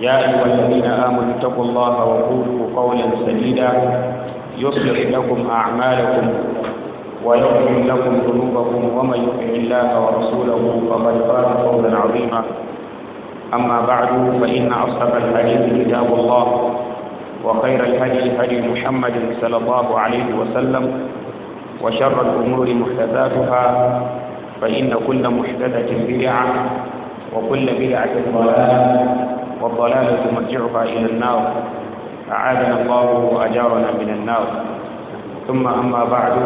يا أيها الذين آمنوا اتقوا الله وقولوا قولا سديدا يصلح لكم أعمالكم ويغفر لكم ذنوبكم ومن يطع الله ورسوله فقد فاز فوزا عظيما أما بعد فإن أصحب الحديث كتاب الله وخير الهدي هدي محمد صلى الله عليه وسلم وشر الأمور محدثاتها فإن كل محدثة بدعة وكل بدعة ضلالة والضلالة مرجعها إلى النار أعادنا الله وأجارنا من النار ثم أما بعد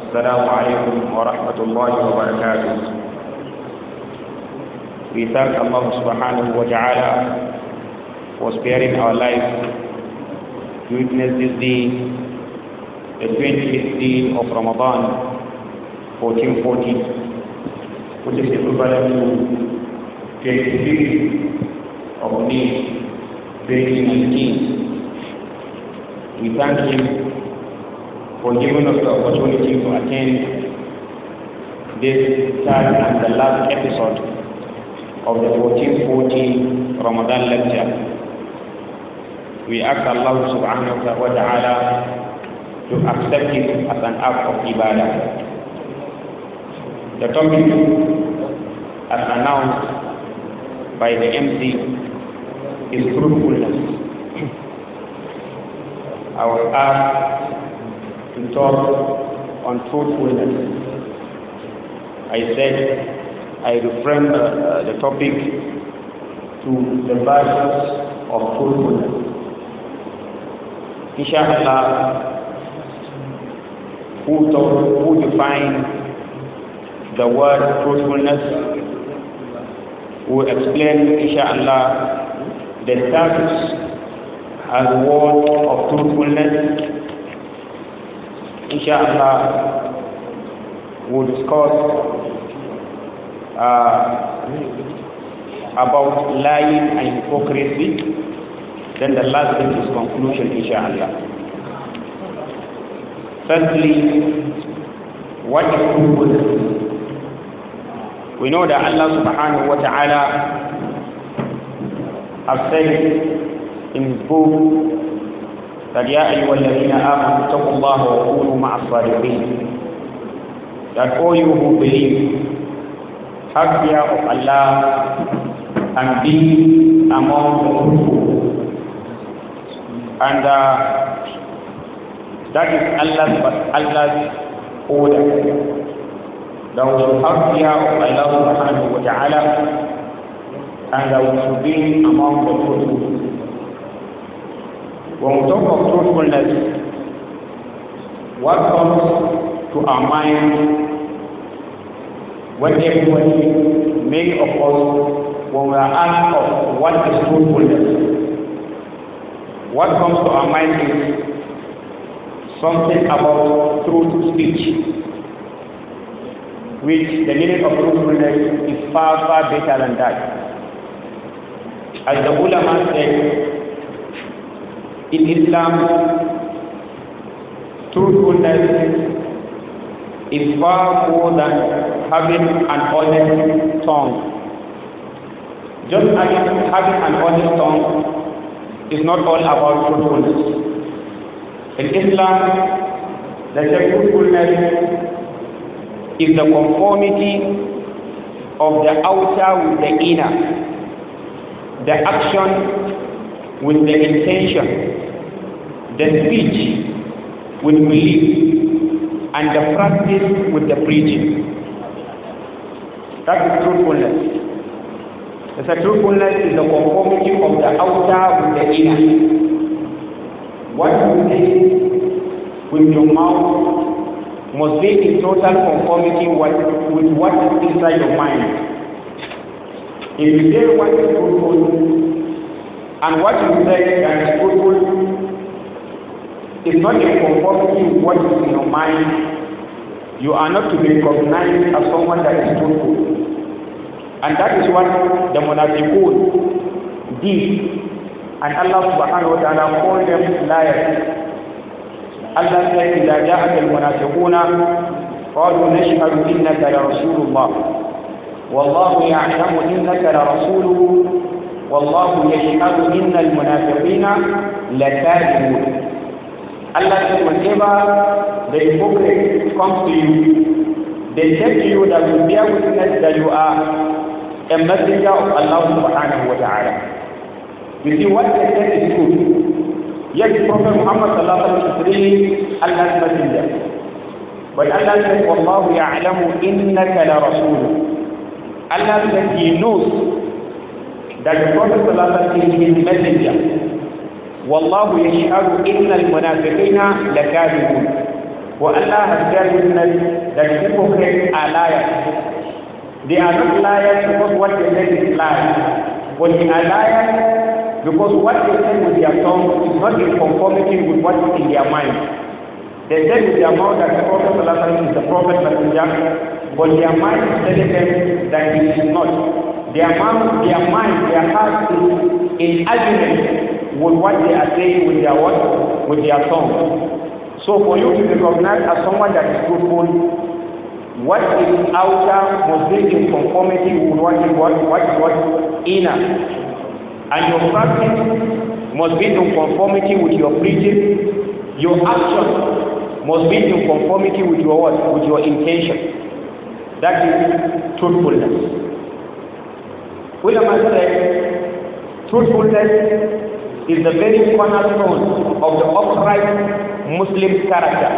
السلام عليكم ورحمة الله وبركاته We thank Allah subhanahu wa ta'ala for sparing our lives to witness this day, the 25th day of Ramadan, 1440, which is equivalent to 23 of meal, baking his tea. We thank Him for giving us the opportunity to attend this third and the last episode of the 1440 Ramadan lecture. We ask Allah subhanahu wa ta'ala to accept it as an act of ibadah. The topic, as announced by the MC, is fruitfulness. I was asked to talk on fruitfulness. I said I referred uh, the topic to the values of fruitfulness. Inshallah, who, talk, who defined the word fruitfulness? Who explain, inshallah, the status as word of truthfulness. Inshallah, we'll discuss uh, about lying and hypocrisy. Then the last thing is conclusion, inshallah. Firstly, what is truthfulness? We know that Allah subhanahu wa ta'ala have said in his book that Ya ayyuhalladhina amanu taqullaha wa kunu maas that all you who believe have fear of Allah and be among the people and uh, that is Allah's but Allah's order that we should have fear of Allah subhanahu wa ta'ala and I will be among the truthful. When we talk of truthfulness, what comes to our mind when everybody, makes of us, when we are asked of what is truthfulness, what comes to our mind is something about truth speech which the meaning of truthfulness is far, far better than that. As the ulama said, in Islam, truthfulness is far more than having an honest tongue. Just as having an honest tongue is not all about truthfulness. In Islam, the truthfulness is the conformity of the outer with the inner. the action with the intention, the speech with belief, and the practice with the preaching. That is truthfulness. The truthfulness is the conformity of the outer with the inner. What you say with your mouth must be in total conformity with what is inside your mind. If you say what is fruitful and what you say that is fruitful is not in conformity with what is in your mind, you are not to be recognized as someone that is fruitful. And that is what the Munafiqun did. And Allah subhanahu wa ta'ala called them liars. Allah said, إذا جاءك المنافقون قالوا نشهد إنك لرسول الله والله يعلم إنك لرسوله والله يشهد إن المنافقين لكاذبون Allah said whenever the hypocrite comes to you, they say to you that you bear witness that you are a messenger of Allah subhanahu wa ta'ala. You see what they said is true. Yes, Prophet Muhammad sallallahu alayhi wa sallam is Allah's messenger. But Allah said, وَاللَّهُ يَعْلَمُ إِنَّكَ لَرَسُولُهُ Allah said He knows that the Prophet is His messenger. Wallahu yashhadu innal munafiqina lakadibun. For Allah has dealt them that hypocrites are liars. They are not liars because what they say is lies. But they are liars because what they say with their tongue is not in conformity with what is in their mind. They say with their mouth that the Prophet is the Prophet Messenger, but their mind is telling them that it is not. Their mind, their mind, their heart is in agreement with what they are saying with their what, with their tongue. So for you to be recognized as someone that is truthful, what is outer must be in conformity with what is what, what what inner, and your practice must be in conformity with your preaching. Your action must be in conformity with your what, with your intention. That is truthfulness. Ulama said, truthfulness is the very cornerstone of the upright Muslim character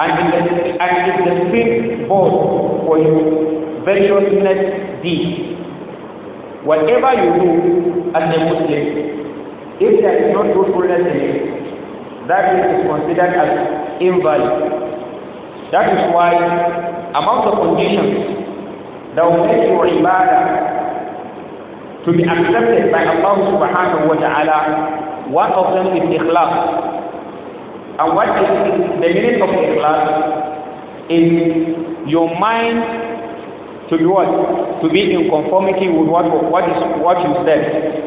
and it is the, fifth is the for your virtuousness deeds. Whatever you do as a Muslim, if there is no truthfulness in it, that is considered as invalid that is why among the conditions that will make your ibadah to be accepted by Allah subhanahu wa ta'ala, one of them is ikhlas. And what is the meaning of ikhlas is your mind to be what? To be in conformity with what, what, is, what you said.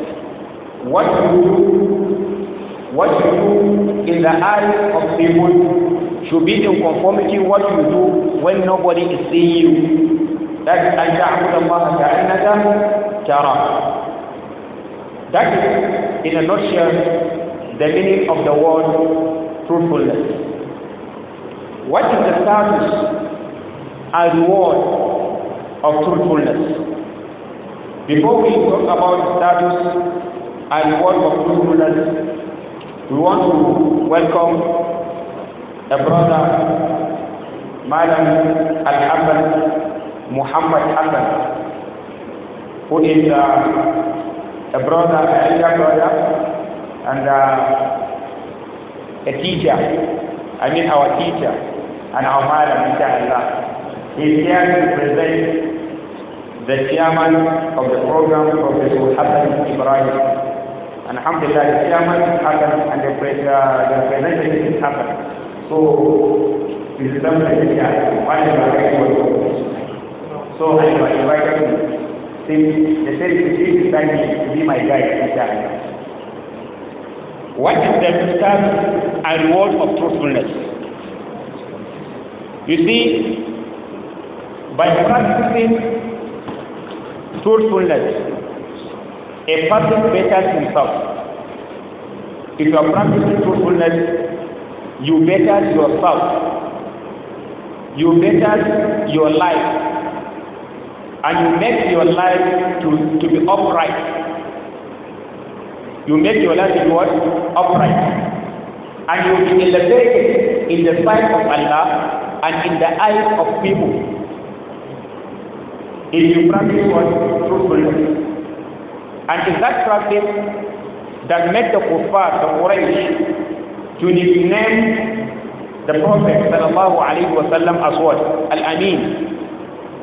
What you do, what you do in the eyes of people to be in conformity what you do when nobody is seeing you. That That is, in a nutshell, the meaning of the word truthfulness. What is the status and reward of truthfulness? Before we talk about status and reward of truthfulness, we want to welcome a brother Madam Al Hassan Muhammad Hassan, who is uh, a brother, a elder brother, and uh, a teacher. I mean our teacher and our Madam Inshallah. He is here to present the chairman of the program, Professor Hassan Ibrahim. And alhamdulillah, the chairman is Hassan and the, uh, the representative is Hassan. So if is don't like it, yeah, why you are getting what So I was invited him. They said, please invite me to be my guide, inshallah. What is the start and reward of truthfulness? You see, by practicing truthfulness, a person betters himself. If you are practicing truthfulness, you bettered yourself you bettered your life and you make your life to, to be upright you make your life to be what? upright and you will be elevated in the sight of Allah and in the eyes of people if you practice what? truthfulness and it's that practice that made the kuffar, the Quraysh to denounce the Prophet sallallahu alayhi wa sallam as what? Al-Amin.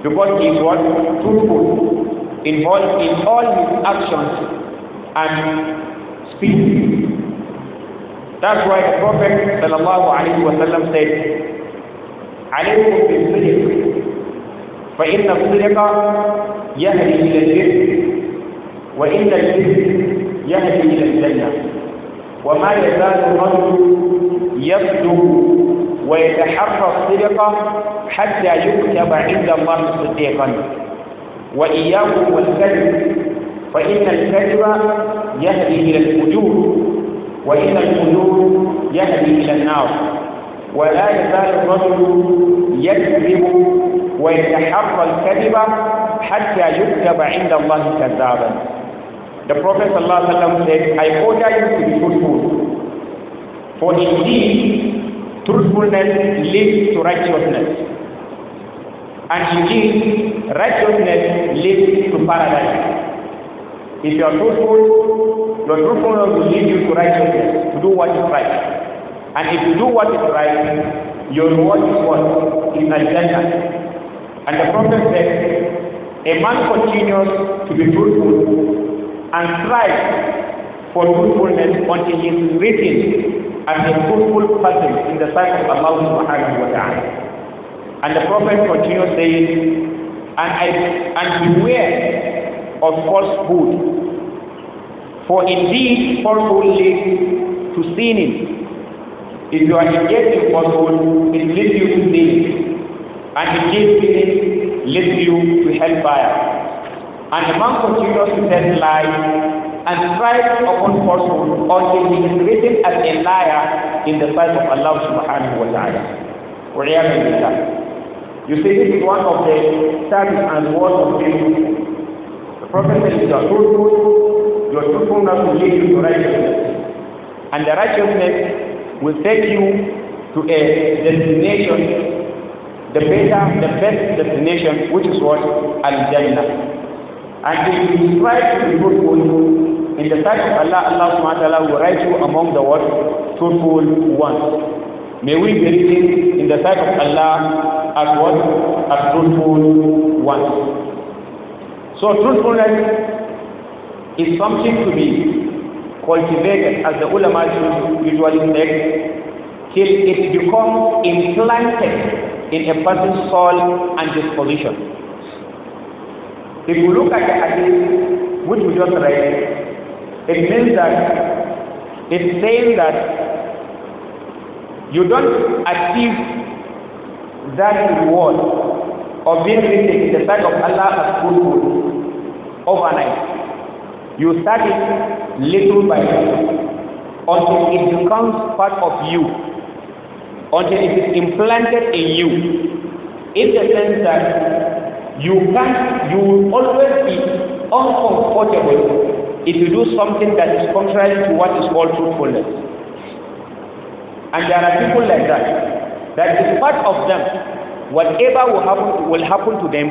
Because he is what? Truthful. Involved in all his actions and speech. That's why the Prophet sallallahu alayhi wa sallam said, عليكم بالصدق فإن الصدق يهدي إلى الجنة وإن الجنة يهدي إلى الجنة وما يزال الرجل يبدو ويتحرى الصدقة حتى يكتب عند الله صديقا وإياكم والكذب فإن الكذب يهدي إلى الفجور وإن الفجور يهدي إلى النار ولا يزال الرجل يكذب ويتحرى الكذب حتى يكتب عند الله كذابا the Prophet ﷺ said, I order you to be truthful. For indeed, truthfulness leads to righteousness. And indeed, righteousness leads to paradise. If you are truthful, your truthfulness will lead you to righteousness, to do what is right. And if you do what is right, your reward is what? Is Al-Jannah. And the Prophet said, a man continues to be truthful and strive for truthfulness until he is written as a truthful person in the sight of Allah subhanahu wa ta'ala. And the Prophet continues saying, and, I, and beware of falsehood for indeed, falsehood leads to sinning. If you are engaged in falsehood, it leads you to sin. And indeed, sin leads you to hellfire. And the man continues to tell lies and thrives upon falsehood until he is written as a liar in the sight of Allah subhanahu wa ta'ala. You see, this is one of the service and words of people. The Prophet says, you are truthful, Your are truthfulness will lead you to righteousness. And the righteousness will take you to a destination, the better, the best destination, which is what? Al-Jannah. And if you strive to be you. in the sight of Allah, Allah subhanahu will write you among the what? Truthful ones. May we be written in the sight of Allah as what? As truthful ones. So truthfulness is something to be cultivated as the ulama usually say till it becomes implanted in a person's soul and disposition. If you look at the hadith which we just read, it means that it's saying that you don't achieve that reward of being written in the sight of Allah as good food overnight. You start it little by little until it becomes part of you, until it is implanted in you. In the sense that you find you will always be uncomfortable if you do something that is contrary to what is called truthfulness. And there are people like that. That is part of them. Whatever will happen will happen to them.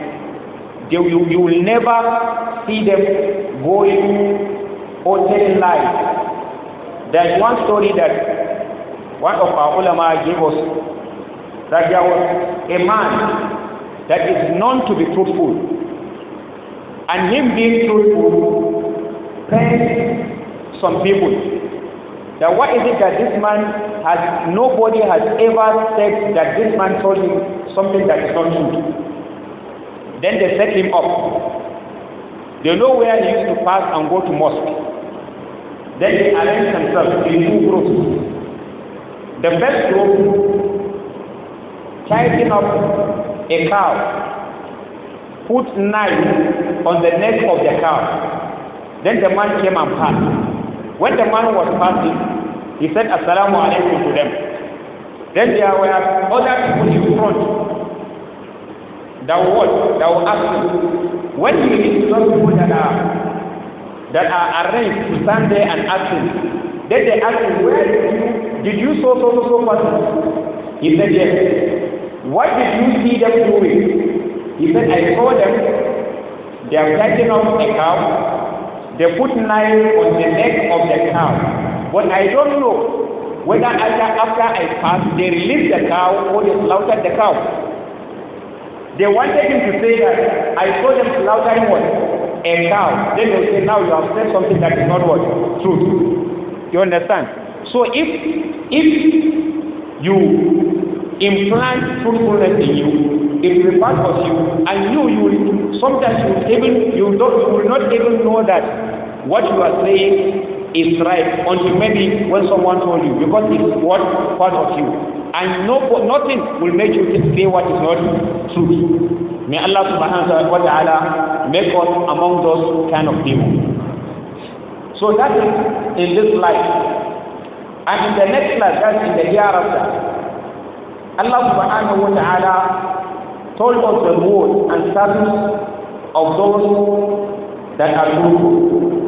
They, will. you will never see them going or telling lies. There's one story that one of our ulama gave us that there was a man that is known to be truthful. And him being truthful pains some people. Now, why is it that this man has nobody has ever said that this man told him something that is not true. Then they set him up. They know where he used to pass and go to mosque. Then they arrange themselves in two groups. The first group tied up a cow, put knife on the neck of the cow. Then the man came and passed. When the man was passing, he said Assalamu alaikum to them. Then there were other people in front that would that will ask him. When you meet those people that are that are arranged to stand there and ask him, then they ask him, Where did you did you so so so so person? He said yes. What did you see them doing? He said, I saw them. They are cutting off a cow. They put knife on the neck of the cow. But I don't know whether after, after I passed, they released the cow or they slaughtered the cow. They wanted him to say that I saw them slaughtering what? A cow. Then they say, now you have said something that is not what? Truth. You understand? So if if you implies fruitfulness in you. It will of you, and you, you will, sometimes you will even, you, don't, you will not even know that what you are saying is right until maybe when someone told you, because it's what part of you. And no, nothing will make you say what is not true. May Allah subhanahu wa ta'ala make us among those kind of people. So that is in this life. And in the next life, that's in the hereafter. Allah subhanahu wa ta'ala told us the reward and status of those that are truthful.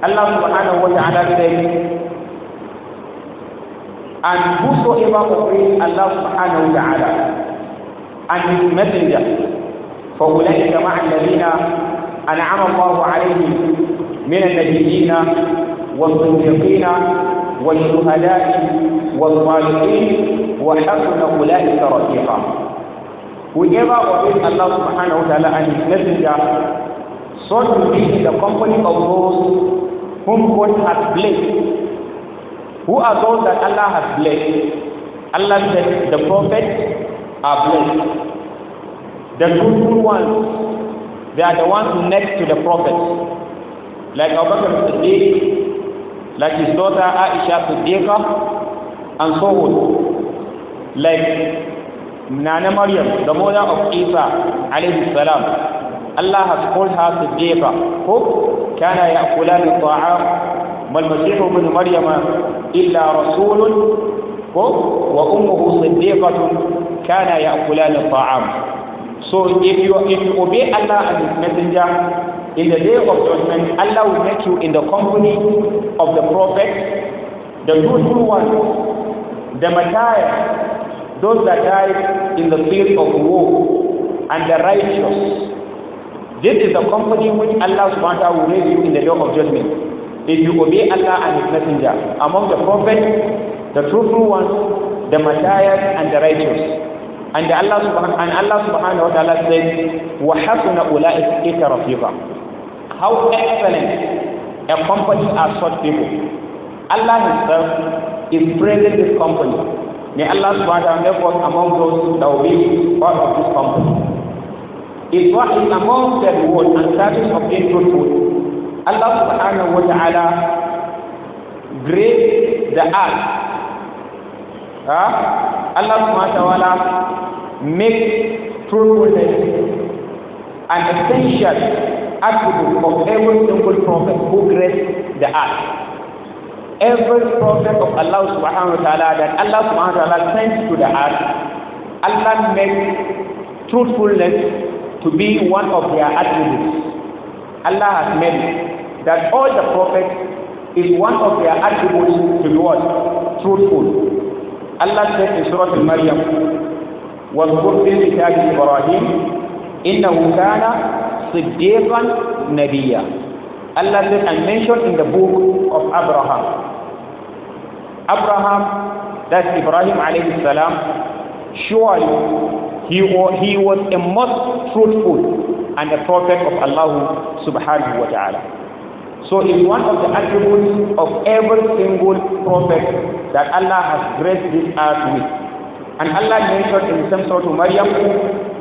Allah subhanahu wa ta'ala said, and whosoever obeys Allah subhanahu wa ta'ala and his messenger, فأولئك مع الذين أنعم الله عليهم من النبيين والصديقين والشهداء والصالحين وحسن أولئك رفيقا Whoever obeys Allah subhanahu wa ta'ala and his messenger, so the company of those whom God has blessed. Who are those that Allah has blessed? Allah said the prophets are blessed. The truthful ones, they are the ones next to the prophets. Like Abu Bakr Siddiq, like his daughter Aisha Siddiqa and so on. Like Nana Maryam, the mother of Isa alayhi salam. Allah has called her Siddiqa, who كان يأكلان الطعام ما المسيح ابن مريم إلا رسول وأمه صديقة كان يأكلان الطعام So if you, if you obey Allah and His Messenger, In the day of judgment, Allah will make you in the company of the prophets, the truthful ones, the martyrs, those that died in the field of war, and the righteous. This is the company which Allah subhanahu will raise you in the day of judgment. If you obey Allah and His Messenger, among the prophets, the truthful ones, the martyrs, and the righteous. And Allah subhanahu, and Allah subhanahu wa ta'ala said, وَحَسُنَ أُولَٰئِكَ رَفِيقًا how excellent a company are such people. Allah Himself is praising this company. May Allah subhanahu wa make us among those that will be part of this company. It was among the reward and service of being truthful. Allah subhanahu wa ta'ala the earth. Huh? Allah subhanahu wa ta'ala makes truthfulness an essential attribute of every single prophet who graced the earth. Every prophet of Allah subhanahu wa ta'ala that Allah subhanahu wa ta'ala sent to the earth, Allah made truthfulness to be one of their attributes. Allah has made that all the prophets is one of their attributes to be what? Truthful. Allah said in Surah Al-Maryam, وَاذْكُرْ فِي كِتَابِ إِبْرَاهِيمَ إِنَّهُ كَانَ صديقا Nabiya. Allah said, and mentioned in the book of Abraham. Abraham, that's Ibrahim alayhi salam, surely he, he was a most truthful and a prophet of Allah subhanahu wa ta'ala. So it's one of the attributes of every single prophet that Allah has graced this earth with. And Allah mentioned in some sort of Maryam,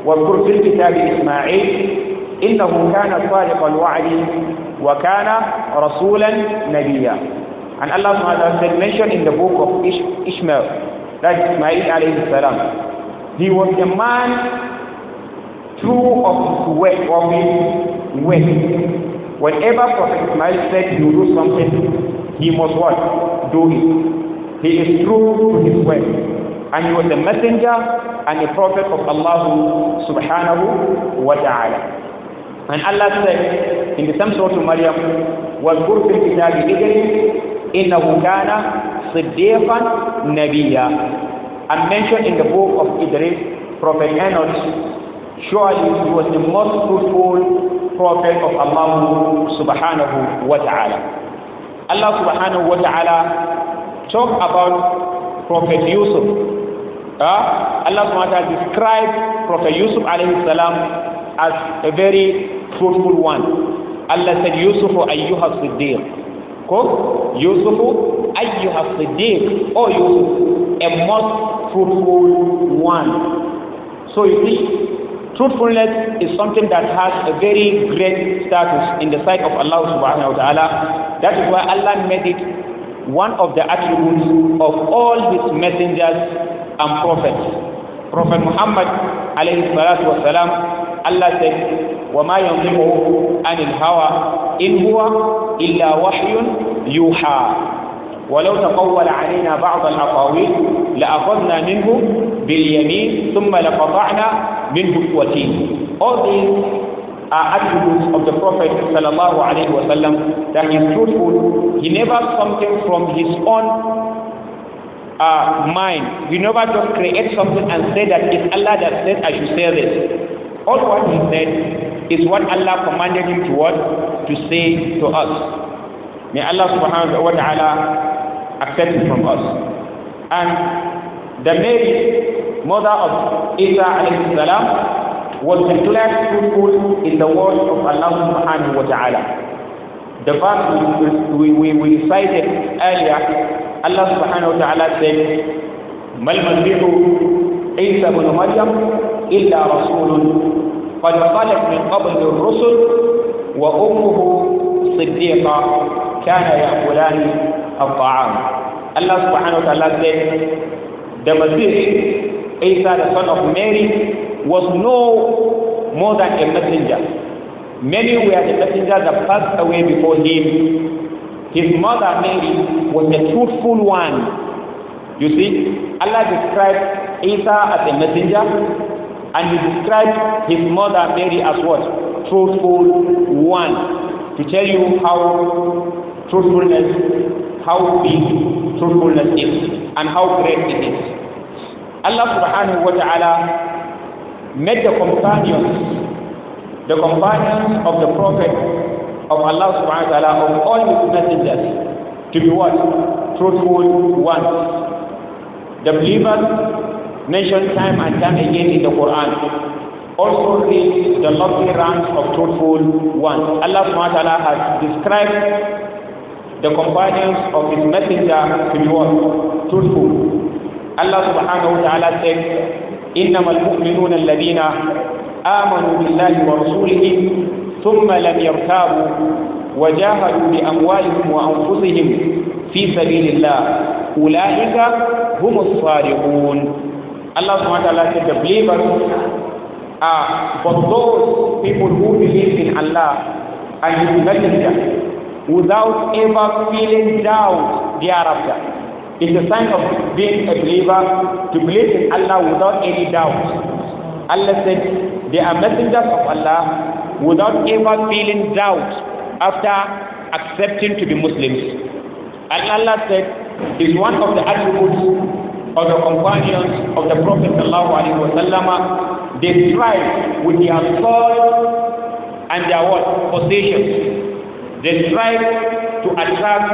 وَذْكُرْ فِي الْكِتَابِ إِسْمَاعِيلَ إنه كان صادق الوعد وكان رسولا نبيا And Allah SWT mentioned in the book of Ish Ishmael, that Ismail alayhi salam, he was a man true of his word, of his word. Whenever Prophet Ismail said he will do something, he must what? Do it. He is true to his word. And he was a messenger and a prophet of Allah subhanahu wa ta'ala. And Allah said in the same surah to Maryam, وَاذْكُرْ فِي الْكِتَابِ إِذْرِيَا إِنَّهُ كَانَ صِدِّيقًا نَبِيًّا And mentioned in the book of Idris, Prophet Enoch, surely he was the most fruitful prophet of Allah subhanahu wa ta'ala. Allah subhanahu wa ta'ala talked about Prophet Yusuf. Uh, Allah subhanahu wa ta'ala described Prophet Yusuf alayhi salam as a very fruitful one. Allah said, Yusufu ayyuha siddiq. Ko? Yusufu ayyuha siddiq. Oh, Yusuf, a most fruitful one. So you see, truthfulness is something that has a very great status in the sight of Allah subhanahu wa ta'ala. That is why Allah made it one of the attributes of all his messengers and prophets. Prophet Muhammad alayhi salatu wasalam Allah said, وَمَا يَنْطِقُ عَنِ الْهَوَىٰ إِنْ هُوَ إِلَّا وَحْيٌ يُوحَىٰ ولو تقول علينا بعض الأقاويل لأخذنا منه باليمين ثم لقطعنا منه الوتين All these are attributes of the Prophet sallallahu عليه وسلم that he is truthful. He never something from his own uh, mind. He never just create something and say that it's Allah that said I should say this. All what he said is what Allah commanded him to what? To say to us. May Allah subhanahu wa ta'ala accept it from us. And the Mary, mother of Isa alayhi salam, was declared fruitful in the word of Allah subhanahu wa ta'ala. The verse we, we, we recited earlier, Allah subhanahu wa ta'ala said, عيسى بن مريم إلا رسول قد خلت من قبل الرسل وأمه صديقة كان يأكلان الطعام الله سبحانه وتعالى said the Messiah Isa the son of Mary was no more than a messenger many were the messengers that passed away before him his mother Mary was a truthful one you see Allah described Isa as a messenger, and he described his mother Mary as what? Truthful one. To tell you how truthfulness, how big truthfulness is, and how great it is. Allah subhanahu wa ta'ala made the companions, the companions of the Prophet of Allah subhanahu wa ta'ala, of all his messengers, to be what? Truthful ones. The believers mentioned time and time again in the Quran also read the lofty ranks of truthful ones. Allah subhanahu wa ta'ala has described the companions of his messenger to be what? Truthful. Allah subhanahu wa ta'ala said, إنما المؤمنون الذين آمنوا بالله ورسوله ثم لم يرتابوا وجاهدوا بأموالهم وأنفسهم في سبيل الله أولئك هم الصادقون Allah subhanahu said the believers are for those people who believe in Allah and His Messenger without ever feeling doubt thereafter. It's a sign of being a believer to believe in Allah without any doubt. Allah said they are messengers of Allah without ever feeling doubt after accepting to be Muslims. And Allah said is one of the attributes or the companions of the Prophet wasallam, they strive with their sword and their what? Possessions. They strive to attract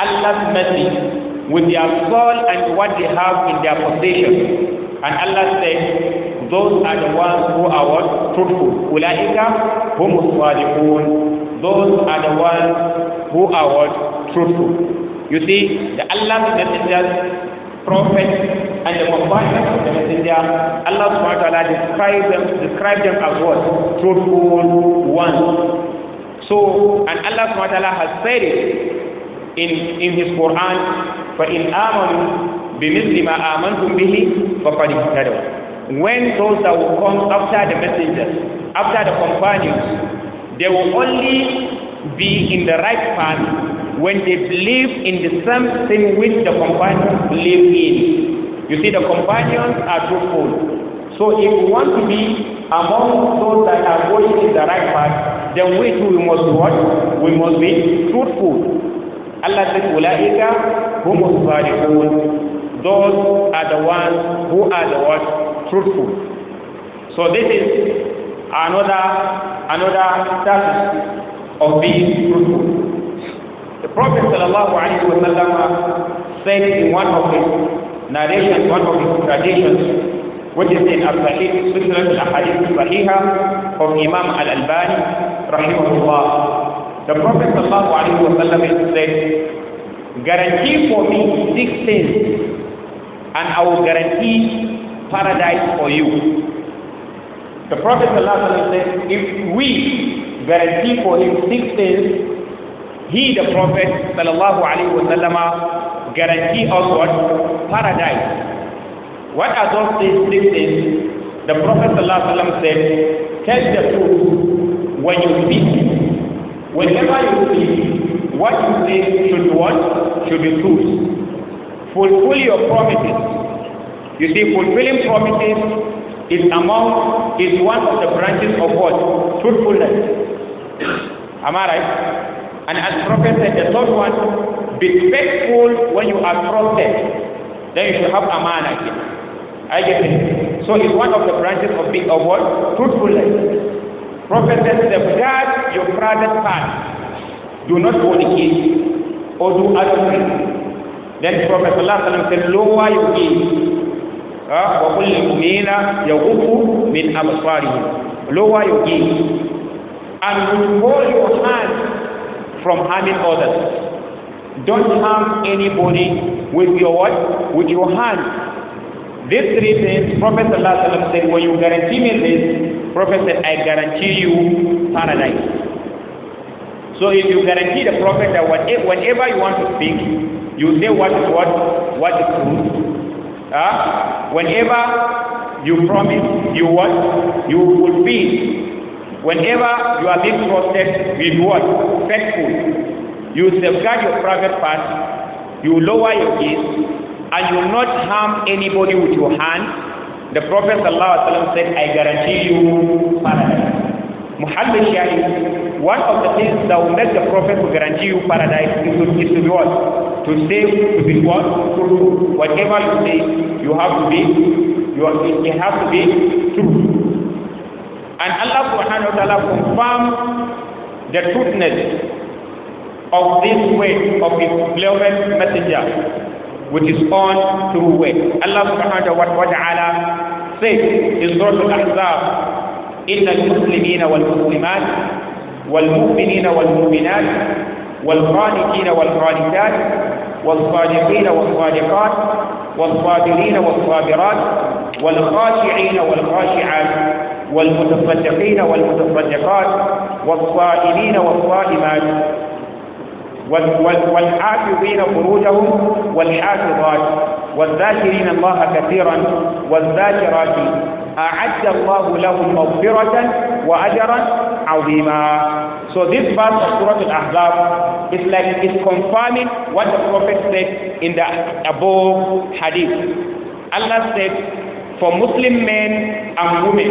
Allah's mercy with their soul and what they have in their possession. And Allah said, those are the ones who are what? Truthful. Ulaika humus Those are the ones who are what? Truthful. You see, the Allah's messengers prophet, and the companions of the messenger, Allah subhanahu wa ta'ala described them, described them as what? Truthful ones. So, and Allah subhanahu wa ta'ala has said it in, in his Quran, فَإِنْ آمَنُوا بِمِثْلِ مَا آمَنْتُمْ بِهِ فَقَدْ اهْتَدَوْا When those that will come after the messengers, after the companions, they will only be in the right path when they believe in the same thing which the companions believe in. You see, the companions are truthful. So if we want to be among those that are going in the right path, then we too we must what? We must be truthful. Allah says, Ulaika humus Those are the ones who are the what? Truthful. So this is another another status of being truthful. The Prophet ﷺ uh, said in one of his narrations, one of his traditions, which is in Al-Sahih, al-Hadith from Imam al-Albani, rahimahullah. The Prophet ﷺ said, guarantee for me six things and I will guarantee paradise for you. The Prophet ﷺ said, if we guarantee for him six things, he, the Prophet, sallallahu alaihi wasallam, guarantee us what paradise. What are those things? The Prophet sallallahu alaihi wasallam said, "Tell the truth when you speak. Whenever you speak, what you say should what should be truth. Fulfill your promises." You see, fulfilling promises is among is one of the branches of what? Truthfulness. Am I right? And as Prophet said, the third one, be faithful when you are trusted. Then you should have man again. I get it. So it's one of the branches of being of what? Truthfulness. Prophet said, safeguard your private part. Do not fornicate or do adultery. Then Prophet said, lower your gaze. وقل للمؤمنين يغضوا من أبصارهم lower your gaze and withhold your hand from harming others. Don't harm anybody with your what? With your hand. These three things, Prophet Allah said, when you guarantee me this, Prophet said, I guarantee you paradise. So if you guarantee the prophet that whenever you want to speak, you say what is what, what is truth. Uh, whenever you promise, you what, you fulfill. Whenever you are being trusted, with what? Faithful. You safeguard your private parts, you lower your gaze, and you will not harm anybody with your hand. The Prophet ﷺ said, I guarantee you paradise. Muhammad Shahid, one of the things that will make the Prophet to guarantee you paradise is to, is to be what? To say, to be what? Whatever you say, you have to be, you have, to be true. And Allah subhanahu wa ta'ala confirmed the truthness of this way of his beloved messenger which is own true way. Allah subhanahu wa ta'ala says in Surah Al-Ahzab, إن المسلمين والمسلمات والمؤمنين والمؤمنات والقانتين والقانتات والصادقين والصادقات والصابرين والصابرات والخاشعين والخاشعات والمتصدقين والمتصدقات والصائمين والصائمات والحافظين فروجهم والحافظات والذاكرين الله كثيرا والذاكرات أعد الله لهم مغفرة وأجرا عظيما So this verse of Surah Al-Ahzab is like it's confirming what the Prophet said in the above hadith. Allah said, for Muslim men and women,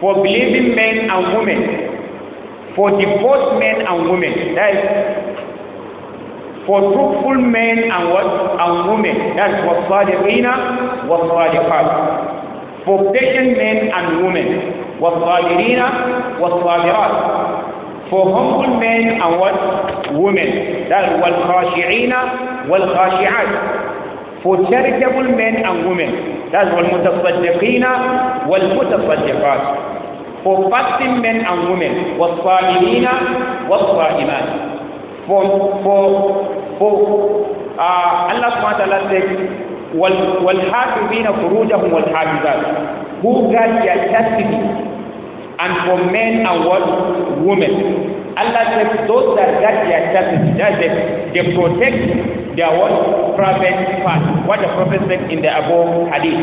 for believing men and women, for divorced men and women. That is for truthful men and what and women. That's what Sadiqina was Sadiqat. For patient men and women. what Sadirina was Sadirat. For humble men and what women. That's what Khashi'ina wal Khashi'at. for charitable men and women. That's what والمتصدقين والمتصدقات. For fasting men and women, والصائمين والصائمات. For for for uh, Allah subhanahu wa taala says, والحافظين فروجهم والحافظات. Who guard their chastity and for men and what women. Allah says those that guard their chastity, that's they protect their what? Private part. What the Prophet said in the above hadith.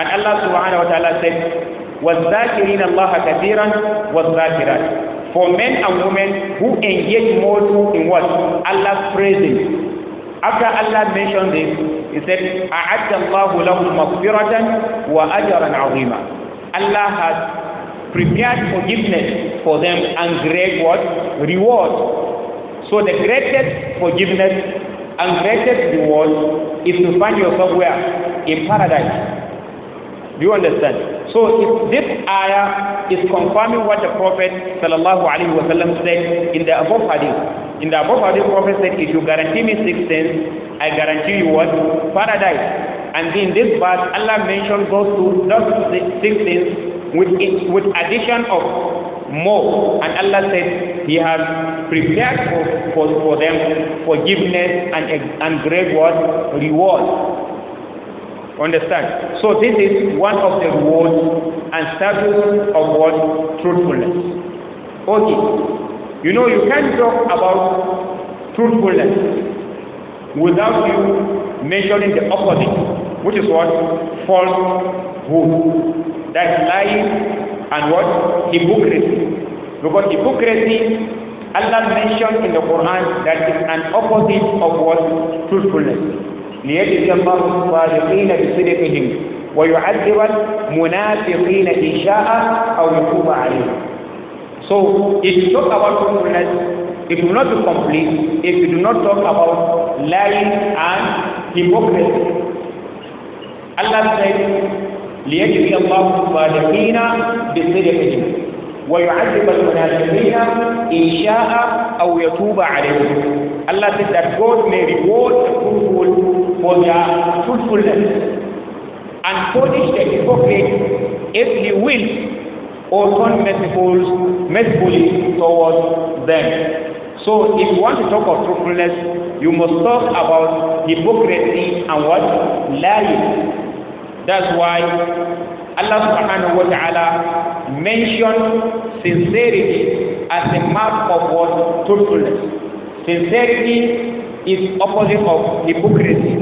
And Allah subhanahu wa ta'ala said, وَالذَّاكِرِينَ اللَّهَ كَثِيرًا وَالذَّاكِرَاتِ for men and women who engage more in what? Allah's praising. After Allah mentioned this, he said, أَعَدَّ اللَّهُ لَهُمْ مَغْفِرَةً وَأَجَرًا عَظِيمًا Allah has prepared forgiveness for them and great what? Reward. So the greatest forgiveness and greatest reward is to find yourself where? In paradise. Do you understand? So if this ayah is confirming what the Prophet wasallam said in the above hadith. In the above hadith, Prophet said, if you guarantee me six things, I guarantee you what? Paradise. And in this verse, Allah mentioned those two, those six things with, with addition of more. And Allah said He has prepared for, for, for them forgiveness and, and great Reward. Understand? So this is one of the rewards and status of what? Truthfulness. Okay. You know, you can't talk about truthfulness without you mentioning the opposite, which is what? False who that lying and what hypocrisy because hypocrisy Allah mentioned in the Quran that is an opposite of what truthfulness ليجزي الله الصادقين بصدقهم ويعذب المنافقين إن شاء أو يتوب عليهم So if you talk about truthfulness, it will not be complete if you do not talk about lying and hypocrisy. Allah said ليجزي الله الصادقين بصدقهم ويعذب المنافقين إن شاء أو يتوب عليهم Allah said that God may reward the fruitful for and punish the hypocrite if he will or turn merciful, mercifully towards them. So if you want to talk of truthfulness, you must talk about hypocrisy and what? Lying. That's why Allah subhanahu wa ta'ala mentioned sincerity as a mark of what? Truthfulness. Sincerity is opposite of hypocrisy.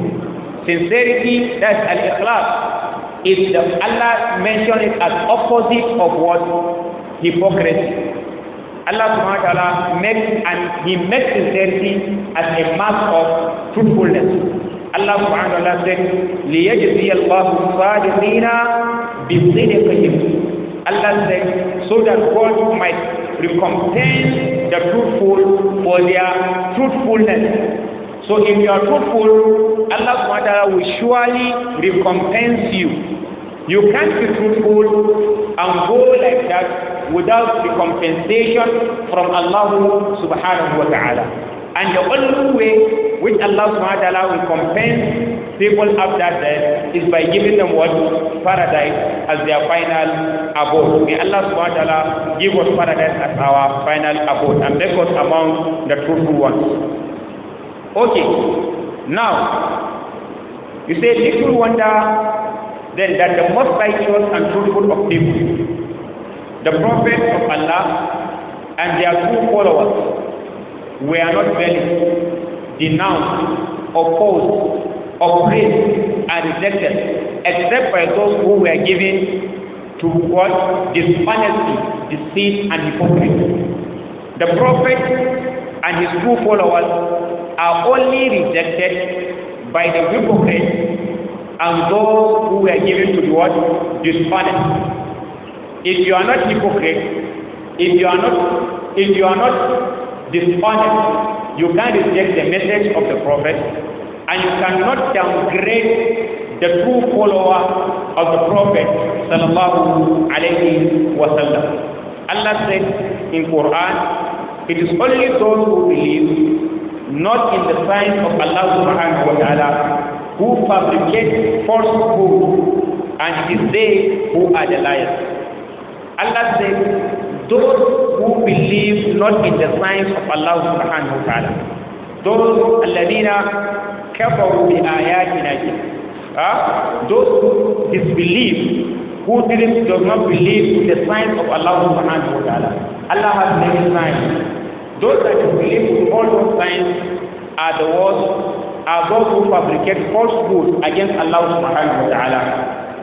Sincerity, that's al-ikhlas. Is the Allah mentioned it as opposite of what? Hypocrisy. Allah subhanahu wa ta'ala makes and he makes sincerity as a mark of truthfulness. Allah subhanahu wa ta'ala said liyajzi Allahu sadiqina bi sidqihim Allah said so that God might recompense the truthful for their truthfulness so if you are truthful, Allah SWT will surely recompense you. You can't be truthful and go like that without the compensation from Allah subhanahu wa ta'ala. And the only way which Allah subhanahu wa ta'ala will compensate people after death is by giving them what? Paradise as their final abode. May Allah subhanahu wa ta'ala give us paradise as our final abode and make us among the truthful ones. Okay, now you say little wonder then that the most righteous and truthful of people, the prophets of Allah and their true followers, we are not valid, denounced, opposed, oppressed, and rejected, except by those who were given to what? Dishonesty, deceit, and hypocrisy. The Prophet and his true followers are only rejected by the hypocrites and those who were given to the what? Dishonest. If you are not hypocrite, if you are not if you are not dishonest. You can't reject the message of the prophet and you cannot downgrade the true follower of the prophet sallallahu alaihi wasallam. Allah said in Quran, it is only those who believe not in the signs of Allah subhanahu wa ta'ala who fabricate falsehood and it is they who are the liars. Allah said Those who believe not in the signs of Allah subhanahu wa ta'ala. Those alladina kafaru bi ayatina. ah, Those who disbelieve, who didn't, does not believe in the signs of Allah subhanahu wa ta'ala. Allah has many signs. Those that believe in all those signs are the ones, are those who fabricate falsehood against Allah subhanahu wa ta'ala.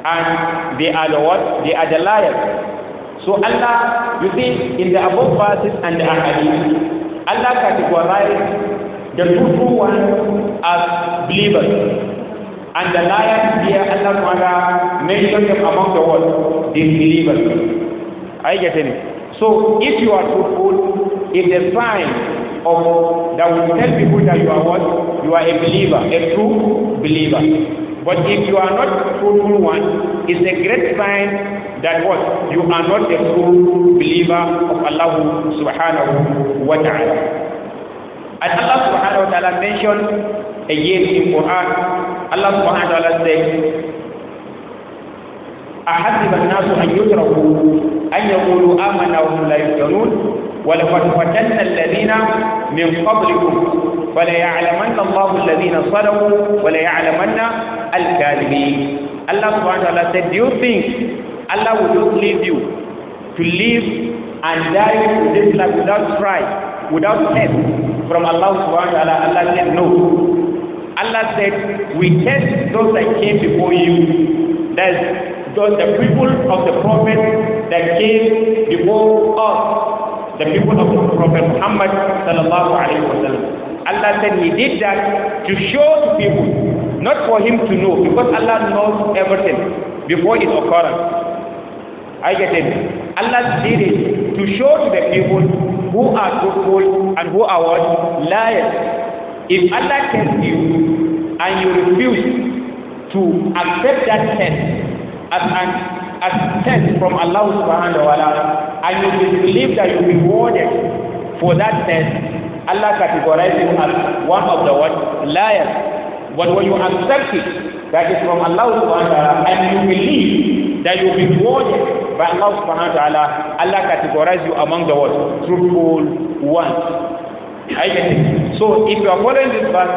And they are the what? They are the liars. So Allah, you see, in the above verses and the ahadith, Allah categorized the true ones as believers. And the liars here, Allah Ta'ala mentioned them among the world, disbelievers. I get it. So if you are truthful, if the sign of that will tell people that you are what? You are a believer, a true believer. But if you are not fruitful one, it's a great sign that what? You are not a true believer of Allah subhanahu wa ta'ala. And Allah subhanahu wa ta'ala mentioned again in Quran, Allah subhanahu wa ta'ala said, أحسب الناس أن يتركوا أن يقولوا آمنا وهم لا يفتنون ولقد فتنا الذين من قبلكم فليعلمن الله الذين صدقوا وليعلمن الكاذبين Allah subhanahu wa said, Do you think Allah will just leave you to live and die with this life without try, without test from Allah subhanahu wa ta'ala? Allah said, No. Allah said, We test those that came before you. That's those, the people of the Prophet that came before us the people of the Prophet Muhammad sallallahu alayhi wa sallam. Allah said he did that to show to people, not for him to know, because Allah knows everything before it occurs. I get it. Allah did it to show to the people who are truthful and who are what? Liars. If Allah tests you and you refuse to accept that test as an as test from Allah subhanahu wa ta'ala and you believe that you'll be rewarded for that test, Allah categorized you as one of the what liars. But when you accept it, that is from Allah subhanahu wa ta'ala, and you believe that you will be rewarded by Allah subhanahu wa ta'ala, Allah categorizes you among the what? Truthful ones. I get it. So if you are following this verse,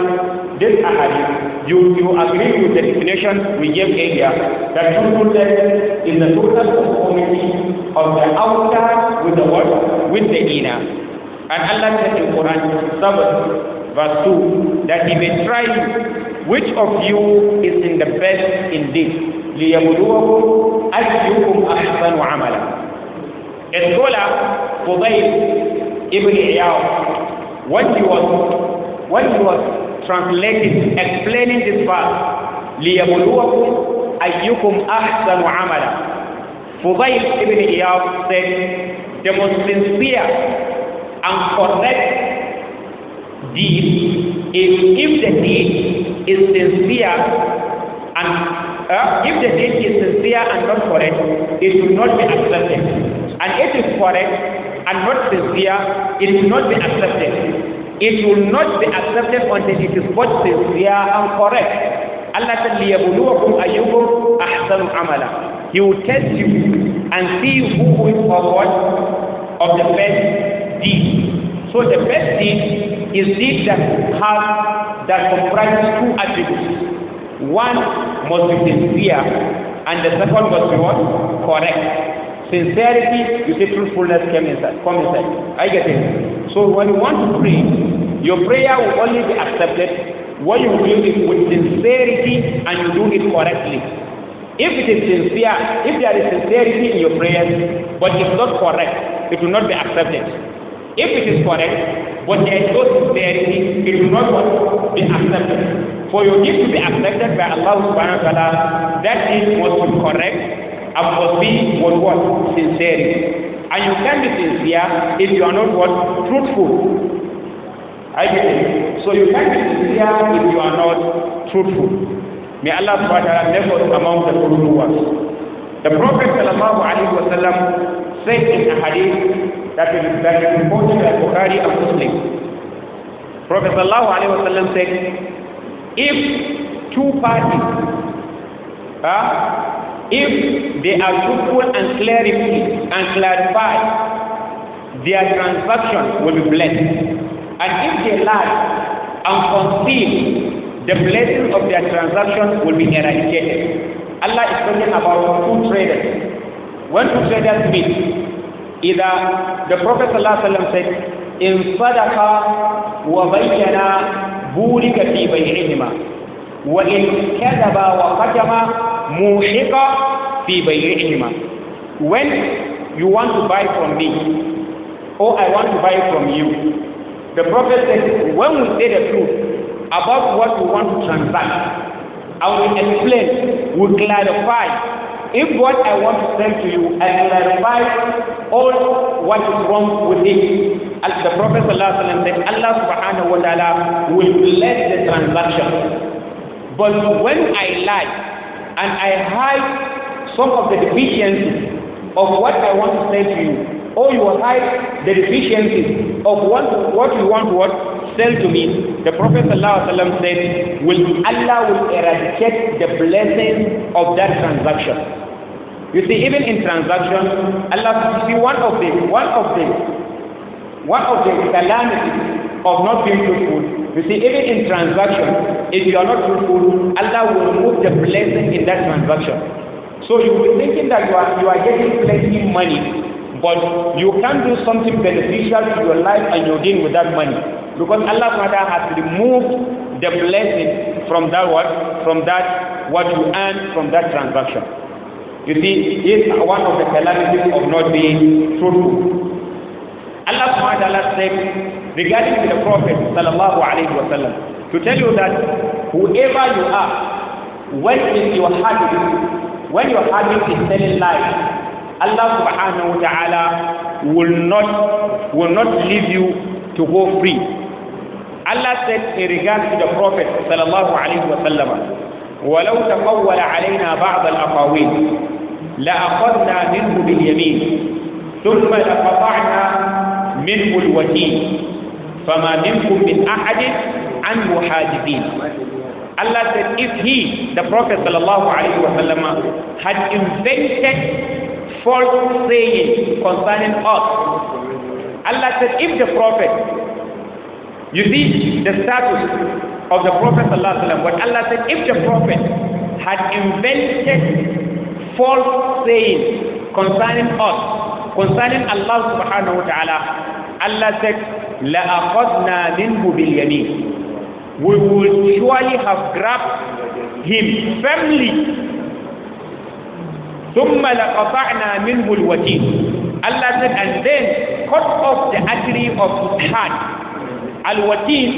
this ahadith, you, you agree with the definition we gave earlier that truthfulness is the total conformity of the outer with the what? With the inner. And Allah said in Quran 7 verse 2 that he may try you, which of you is in the best indeed. ليبلوكم أيكم أحسن عملا. A scholar, Fudayl Ibn Iyaw, when he was when he was translating, explaining this verse, ليبلوكم أيكم أحسن عملا. Fudayl Ibn Iyaw said, the most sincere and correct deed if, if the deed is sincere and uh, if the deed is sincere and not correct, it will not be accepted. And if it is correct and not sincere, it will not be accepted. It will not be accepted until it is both sincere and correct. Allah said, لِيَبْلُوَكُمْ أَيُّكُمْ أَحْسَنُ عَمَلًا He will test you and see who is of what? Of the best deed. So the best deed is deed that has that comprises two attributes. One must be sincere, and the second must be what? Correct. Sincerity, you see, truthfulness came inside. Come inside. I get it. So when you want to pray, your prayer will only be accepted when you do it with sincerity and you do it correctly. If it is sincere, if there is sincerity in your prayers, but it's not correct, it will not be accepted. If it is correct, but there is no sincerity, it will not be accepted. For your gift to be accepted by Allah subhanahu wa ta'ala, that gift correct and must be what what? Sincerity. And you can be sincere if you are not what? Truthful. I So you can be sincere if you are not truthful. May Allah subhanahu wa ta'ala make us among the true ones. The Prophet sallallahu alayhi wa sallam said in a hadith, that is, that is reported by Bukhari and Muslim. Prophet ﷺ said, if two parties, uh, if they are truthful and clarify, and clarify, their transaction will be blessed. And if they lie and conceal, the blessing of their transaction will be eradicated. Allah is talking about two traders. When two traders meet, Either the Prophet ﷺ said, In sadaqa wa bayyana burika fi bay'ihima wa in kadaba wa qatama muhiqa fi bay'ihima. When you want to buy from me, or I want to buy from you, the Prophet said, when we say the truth about what we want to transact, I will explain, will clarify If what I want to send to you, I clarify all what is wrong with it. As the Prophet said, Allah subhanahu wa ta'ala will bless the transaction. But when I lie and I hide some of the deficiencies of what I want to send to you, or you hide the deficiencies of what, what you want what sell to me, the Prophet ﷺ said, will Allah will eradicate the blessing of that transaction. You see, even in transaction, Allah see one of the one of the one of the calamities of not being truthful. You see, even in transaction, if you are not truthful, Allah will remove the blessing in that transaction. So you will be thinking that you are you are getting plenty money, but you can do something beneficial to your life and your gain with that money. Because Allah Ta'ala has removed the blessing from that what? From that what you earn from that transaction. You see, it's one of the calamities of not being truthful. Allah Ta'ala said regarding the Prophet Sallallahu Alaihi Wasallam to tell you that whoever you are, when is your habit, when your habit is telling lies, Allah subhanahu wa ta'ala will not will not leave you to go free. Allah said in regard to the Prophet sallallahu alayhi wa sallam, وَلَوْ تَقَوَّلَ عَلَيْنَا بَعْضَ الْأَقَوِيلِ لَأَخَذْنَا مِنْهُ بِالْيَمِينِ ثُمَّ لَقَطَعْنَا مِنْهُ الْوَتِينَ فَمَا مِنْكُمْ مِنْ أَحَدٍ عَنْ مُحَاجِبِينَ Allah said if he, the Prophet sallallahu alayhi wa sallam, had invented false saying concerning us, Allah said if the Prophet You see the status of the Prophet ﷺ, but Allah said if the Prophet had invented false sayings concerning us, concerning Allah subhanahu wa ta'ala, Allah said, لَأَخَذْنَا مِنْهُ بِالْيَمِينِ We would surely have grabbed him firmly ثم لقطعنا منه الوتين Allah said and then cut off the artery of his heart Al-Watin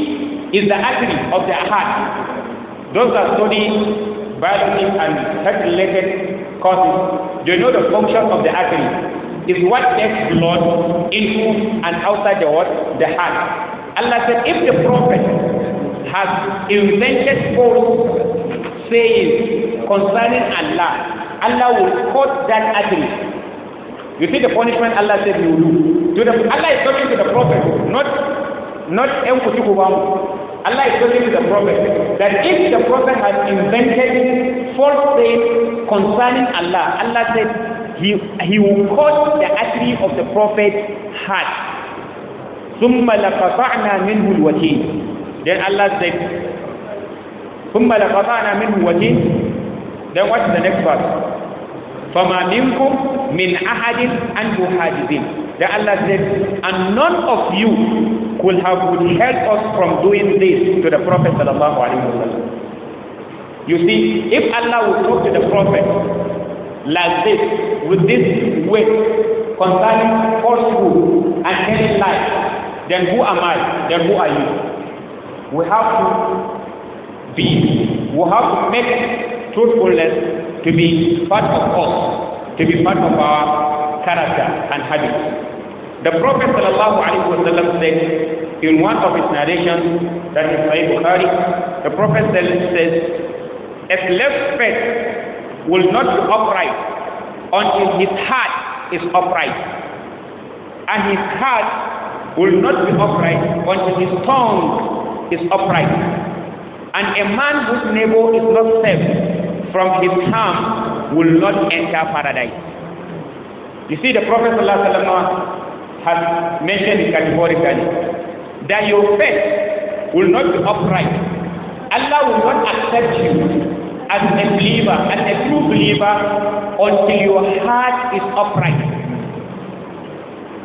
is the agri of the heart. Those that study biology and health-related causes, they know the function of the agri. Is what takes blood into and outside the what? The heart. Allah said, if the prophet has invented false sayings concerning Allah, Allah will cut that agri you see the punishment Allah said He will do. To the, Allah is talking to the prophet, not not Enkutukubamu. Allah is talking to the Prophet that if the Prophet has invented false things concerning Allah, Allah said he, he will cut the artery of the Prophet's heart. ثم then Allah said ثم لقطعنا منه then what's the next verse فما منكم من أحد أنه حاجزين then Allah said and none of you could have withheld us from doing this to the Prophet You see, if Allah would talk to the Prophet like this, with this way concerning falsehood and telling lies, then who am I? Then who are you? We have to be, we have to make truthfulness to be part of us, to be part of our character and habits. The Prophet ﷺ said in one of his narrations, that is Sahih Bukhari, the Prophet says, if left foot will not be upright until his heart is upright, and his heart will not be upright until his tongue is upright, and a man whose neighbor is not saved from his tongue will not enter paradise. You see, the Prophet ﷺ have mentioned categorically that your faith will not be upright. Allah will not accept you as a believer, as a true believer, until your heart is upright.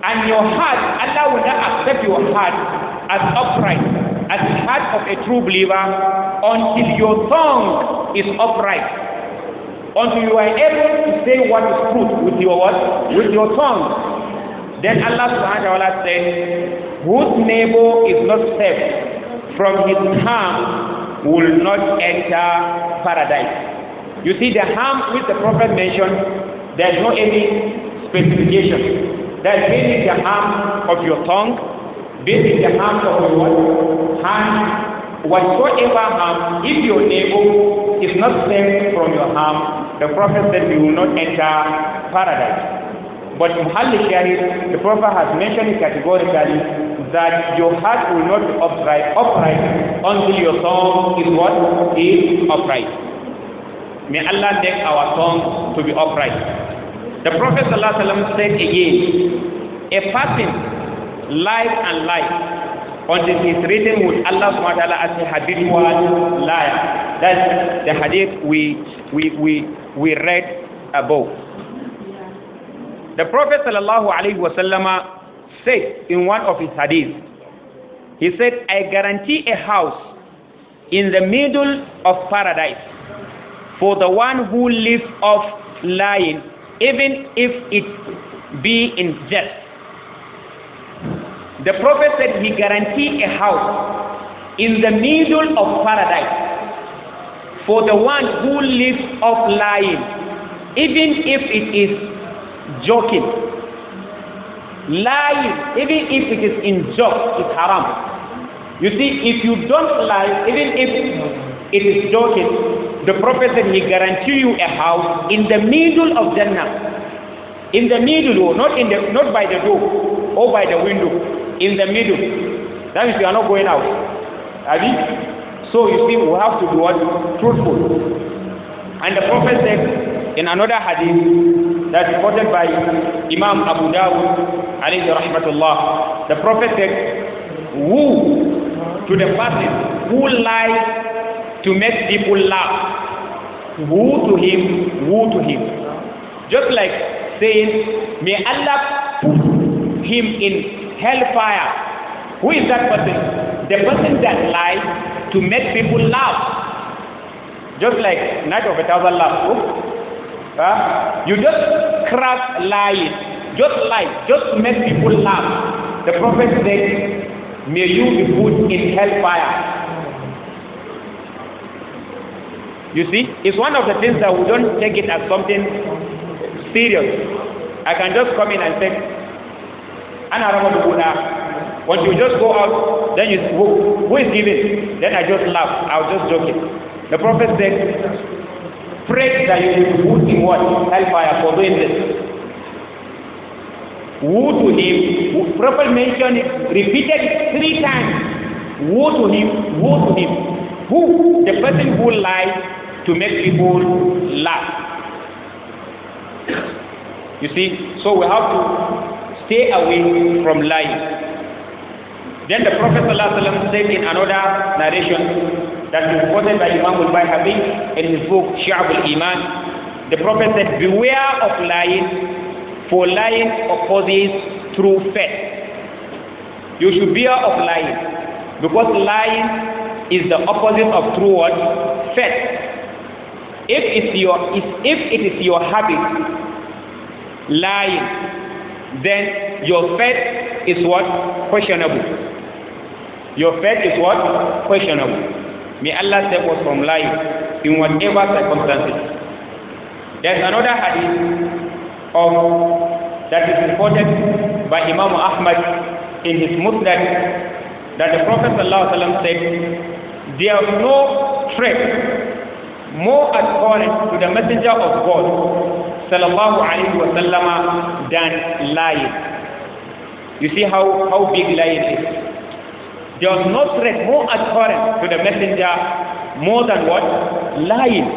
And your heart, Allah will not accept your heart as upright, as the heart of a true believer, until your tongue is upright. Until you are able to say what is truth with your what? With your tongue. Then Allah subhanahu wa ta'ala said, whose neighbor is not saved from his harm will not enter paradise. You see, the harm which the Prophet mentioned, there is no any specification. That this is the harm of your tongue, this is the harm of your hand, whatsoever harm, if your neighbor is not saved from your harm, the Prophet said you will not enter paradise. But Muhalli Shari, the Prophet has mentioned categorically that your heart will not be upright, upright until your tongue is what? Is upright. May Allah make our tongue to be upright. The Prophet ﷺ said again, a person lies and lies until he is written with Allah subhanahu as a habitual liar. That's the hadith we, we, we, we read above. The Prophet ﷺ said in one of his hadiths, he said, I guarantee a house in the middle of paradise for the one who lives off lying, even if it be in jest. The Prophet said he guaranteed a house in the middle of paradise for the one who lives off lying, even if it is joking, lying, even if it is in joke, it's haram. You see, if you don't lie, even if it is joking, the Prophet said he guarantee you a house in the middle of Jannah. In the middle, not in the not by the door or by the window. In the middle. That means you are not going out. Abi? So you see, we have to be what? Truthful. And the Prophet said in another hadith, that's reported by Imam Abu Dawud alayhi rahmatullah. The Prophet said, Woo to the person who lies to make people laugh. Woo to him, woo to him. Just like saying, May Allah put him in hellfire. Who is that person? The person that lies to make people laugh. Just like Night of a Thousand Laughs. Huh? You just crack lies. Just lie. Just make people laugh. The prophet said, may you be put in hellfire. You see, it's one of the things that we don't take it as something serious. I can just come in and say, Anarama Buddha. Once you just go out, then you who, who is giving? Then I just laugh. I was just joking. The prophet said, Pray that you will be put in what? Hellfire for doing this. Woe to him. Who, Prophet mentioned it, repeated it three times. Woe to him, woe to him. Who? The person who lies to make people laugh. You see, so we have to stay away from lying. Then the Prophet ﷺ said in another narration that is quoted by Imam al-Bayhaqi in his book Shi'ab al-Iman, the Prophet said, beware of lying, for lying opposes true faith. You should beware of lying, because lying is the opposite of true word, faith. If, it's your, if if it is your habit, lying, then your faith is what? Questionable. Your faith is what? Questionable. May Allah save us from lying in whatever circumstances. There's another hadith of that is reported by Imam Ahmad in his Musnad that the Prophet ﷺ said, There is no threat more abhorrent to the Messenger of God sallallahu than lying. You see how, how big lying is. There was no threat more abhorrent to the messenger more than what? Lying.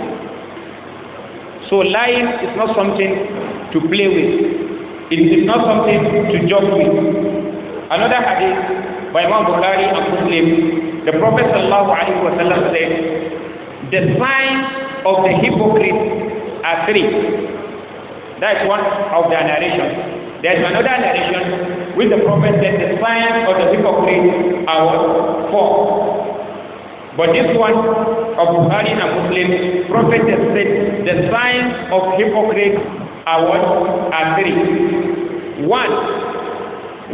So lying is not something to play with. It is not something to joke with. Another hadith by Imam Bukhari and Muslim, the Prophet wasallam said, the signs of the hypocrite are three. That's one of the narrations. There's another narration which the prophet said the sign of the hypocrite are four. But this one of Bukhari and Muslim, prophet has said the signs of hypocrite are what? Are three. One,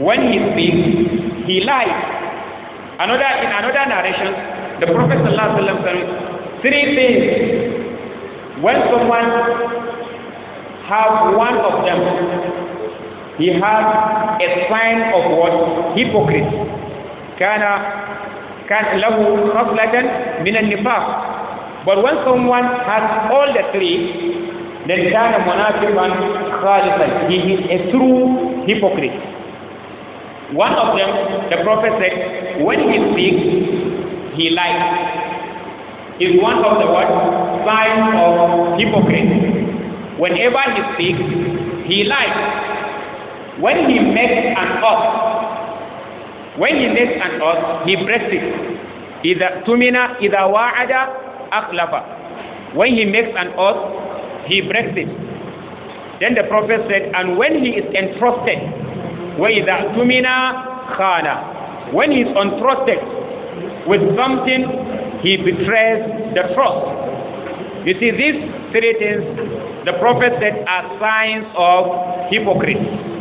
when he speaks, he lies. Another in another narration, the Prophet ﷺ said three things. When someone have one of them, he has a sign of what? Hypocrite. Can كان له خصلة من النفاق. But when someone has all the three, then كان منافقا خالصا. He is a true hypocrite. One of them, the prophet said, when he speaks, he lies. Is one of the what signs of hypocrite. Whenever he speaks, he lies. When he makes an oath, when he makes an oath, he breaks it. Either tumina, either wa'ada, akhlafa. When he makes an oath, he breaks it. Then the Prophet said, and when he is entrusted, وَإِذَا tumina khana. When he is entrusted with something, he betrays the trust. You see, these three things the Prophet said are signs of hypocrisy.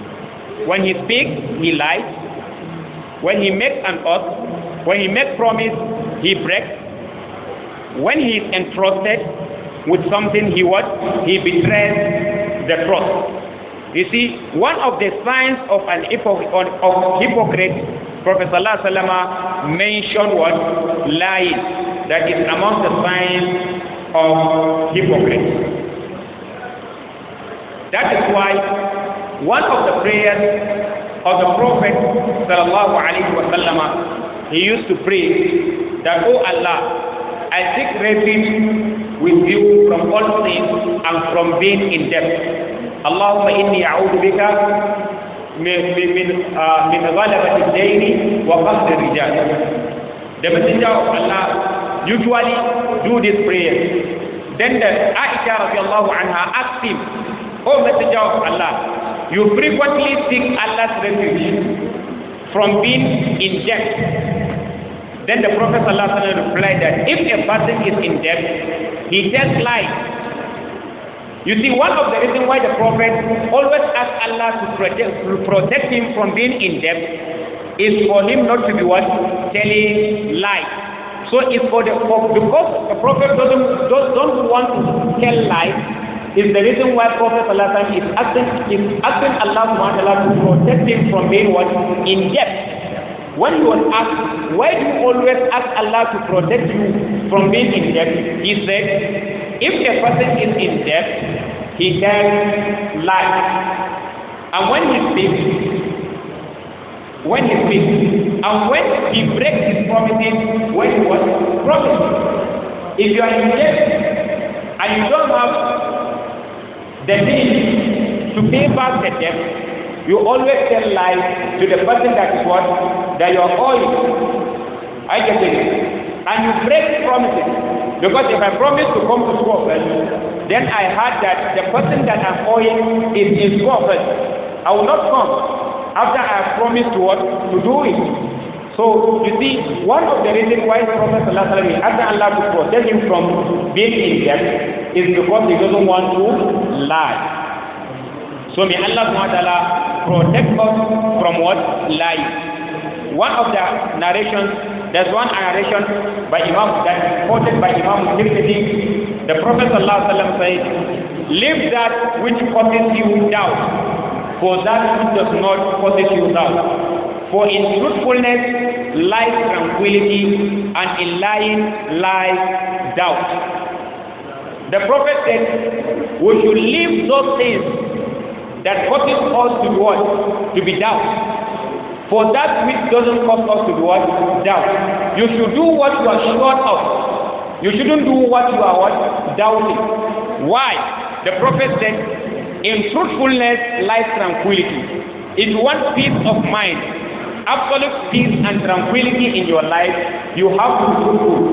When he speaks, he lies. When he makes an oath, when he makes promise, he breaks. When he is entrusted with something, he wants, He betrays the trust. You see, one of the signs of an of hypocrite, Prophet Sallallahu mentioned was lying. That is among the signs of hypocrite. That is why one of the prayers of the Prophet sallallahu alaihi wasallam, he used to pray that, "O oh Allah, I seek refuge with you from all sins and from being in debt. Allahumma inni a'udhu bika من من غلبة الدين وقهر الرجال. The Messenger of Allah usually do this prayer. Then the Aisha radiallahu anha asked him, O Messenger of Allah, you frequently seek Allah's refuge from being in debt. Then the Prophet ﷺ replied that if a person is in debt, he tells lies. You see, one of the reasons why the Prophet always asked Allah to protect, to protect him from being in debt is for him not to be what? Telling lies. So it's for the for, because the Prophet doesn't don't, don't want to tell lies, is the reason why Prophet Allah is asking, is asking Allah to protect him from being what? In debt. When he was asked, why do you always ask Allah to protect you from being in debt? He said, if a person is in debt, he can lie. And when he speaks, when he speaks, and when he breaks his promises, when he was promised, if you are in debt and you don't have The need to pay back the debt, you always tell lies to the person that is what? That you are owing. I get it. And you break promises. Because if I promise to come to school first, eh, then I heard that the person that I'm owing is in school first. I will not come after I have promised to what? To do it. So you see, one of the reasons why Prophet is after Allah to protect him from being in debt is because he doesn't want to lie. So may Allah ta'ala protect us from what? Lies. One of the narrations, there's one narration by Imam that quoted by Imam Tirmidhi. The Prophet said, "Leave that which causes you doubt, for that which does not cause you doubt." For in truthfulness lies tranquility, and in lying lies doubt. The prophet said, We should leave those things that causes us to be what? To be doubt. For that which doesn't cause us to be what? Doubt. You should do what you are sure of. You shouldn't do what you are what? Doubting. Why? The prophet said, In truthfulness lies tranquility. It wants peace of mind absolute peace and tranquility in your life, you have to do good.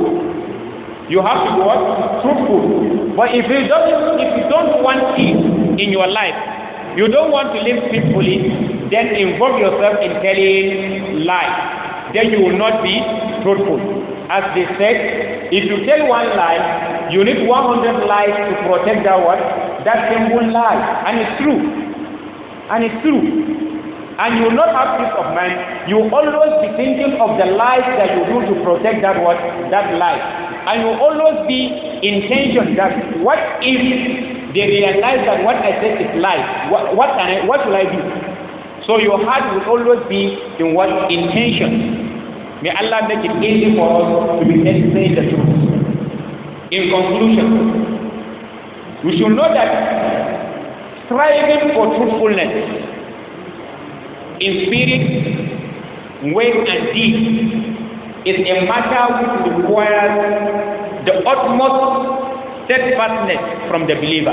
You have to do what? Truthful. But if you don't, if you don't want peace in your life, you don't want to live peacefully, then involve yourself in telling lies. Then you will not be truthful. As they said, if you tell one lie, you need 100 lies to protect that one, that single lie. And it's true. And it's true and you will not have peace of mind. You will always be thinking of the life that you do to protect that what that life, and you will always be intention that what if they realize that what I said is life? What what can I? What will I do? So your heart will always be in what intention. May Allah make it easy for us to be saying the truth. In conclusion, we should know that striving for truthfulness in spirit, word, and deed is a matter which requires the utmost steadfastness from the believer.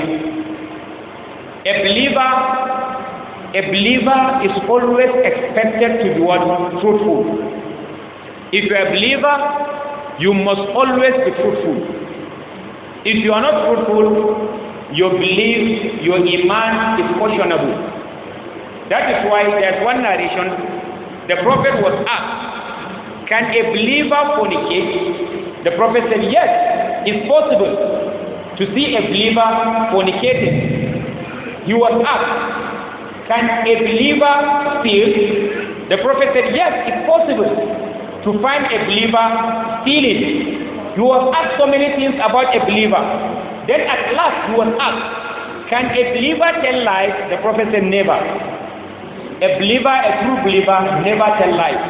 A believer, a believer is always expected to be what truthful. If you are a believer, you must always be truthful. If you are not truthful, your belief, your iman is questionable. That is why there's one narration. The Prophet was asked, Can a believer fornicate? The Prophet said, Yes, it's possible to see a believer fornicating. He was asked, Can a believer steal? The Prophet said, Yes, it's possible to find a believer stealing. He was asked so many things about a believer. Then at last he was asked, Can a believer tell lies? The Prophet said, Never a believer, a true believer, never tell lies.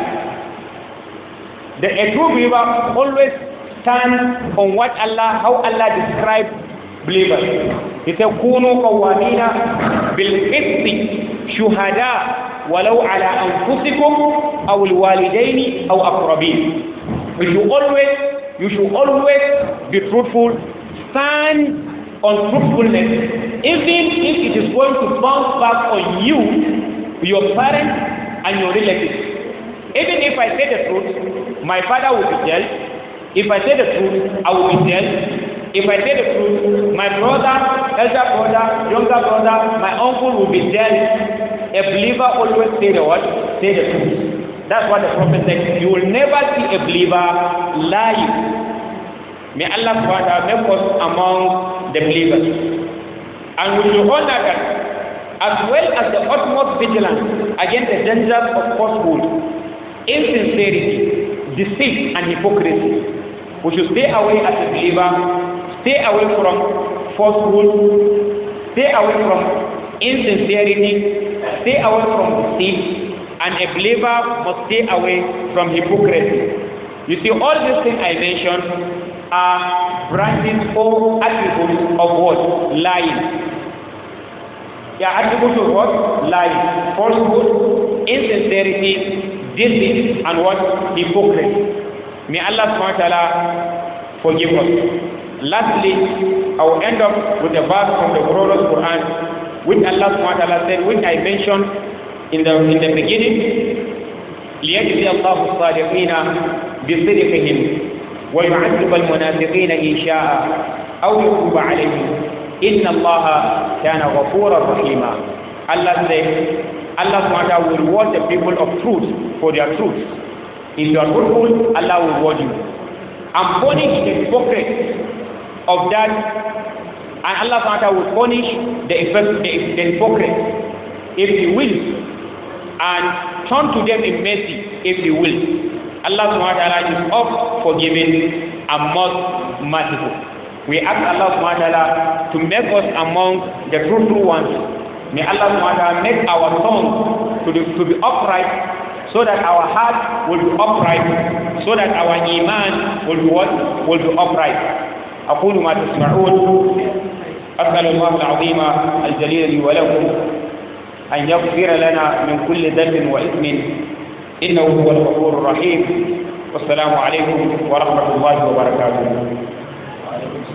The, a true believer always stands on what Allah, how Allah describes believers. He said, كونوا قوامين بالقسط شهداء ولو على أنفسكم أو الوالدين أو أقربين. You always, you should always be truthful. Stand on truthfulness, even if it is going to bounce back on you your parents and your relatives. Even if I say the truth, my father will be dead. If I say the truth, I will be dead. If I say the truth, my brother, elder brother, younger brother, my uncle will be dead. A believer always say the what? Say the truth. That's what the prophet said. You will never see a believer lie. May Allah Father make us among the believers. And we will honor that as well as the utmost vigilance against the dangers of falsehood, insincerity, deceit, and hypocrisy. We should stay away as a believer, stay away from falsehood, stay away from insincerity, stay away from deceit, and a believer must stay away from hypocrisy. You see, all these things I mentioned are branded or attributes of what? Lying. They are attributes of what? Lies, falsehood, insincerity, deceit, and what? Hypocrisy. May Allah subhanahu wa ta'ala forgive us. Lastly, I will end up with a verse from the glorious Quran, which Allah subhanahu wa ta'ala said, which I mentioned in the, in the beginning, ليجزي الله الصادقين بصدقهم ويعذب المنافقين إن شاء أو يتوب عليهم inna allaha kana ghafura rahima allah says allah subhanahu will reward the people of truth for their truth if you are truthful allah will reward you and punish the hypocrites of that and allah subhanahu will punish the effect the, the hypocrites if he will and turn to them in mercy if he will allah subhanahu is oft forgiving and most merciful We ask Allah subhanahu wa ta'ala to make us among the true true ones. May Allah subhanahu wa ta'ala make our tongue to, the, to be upright so that our heart will be upright, so that our iman will be what? Will be upright. أقول ما تسمعون أسأل الله العظيم الجليل لي ولكم أن يغفر لنا من كل ذنب وإثم إنه هو الغفور الرحيم والسلام عليكم ورحمة الله وبركاته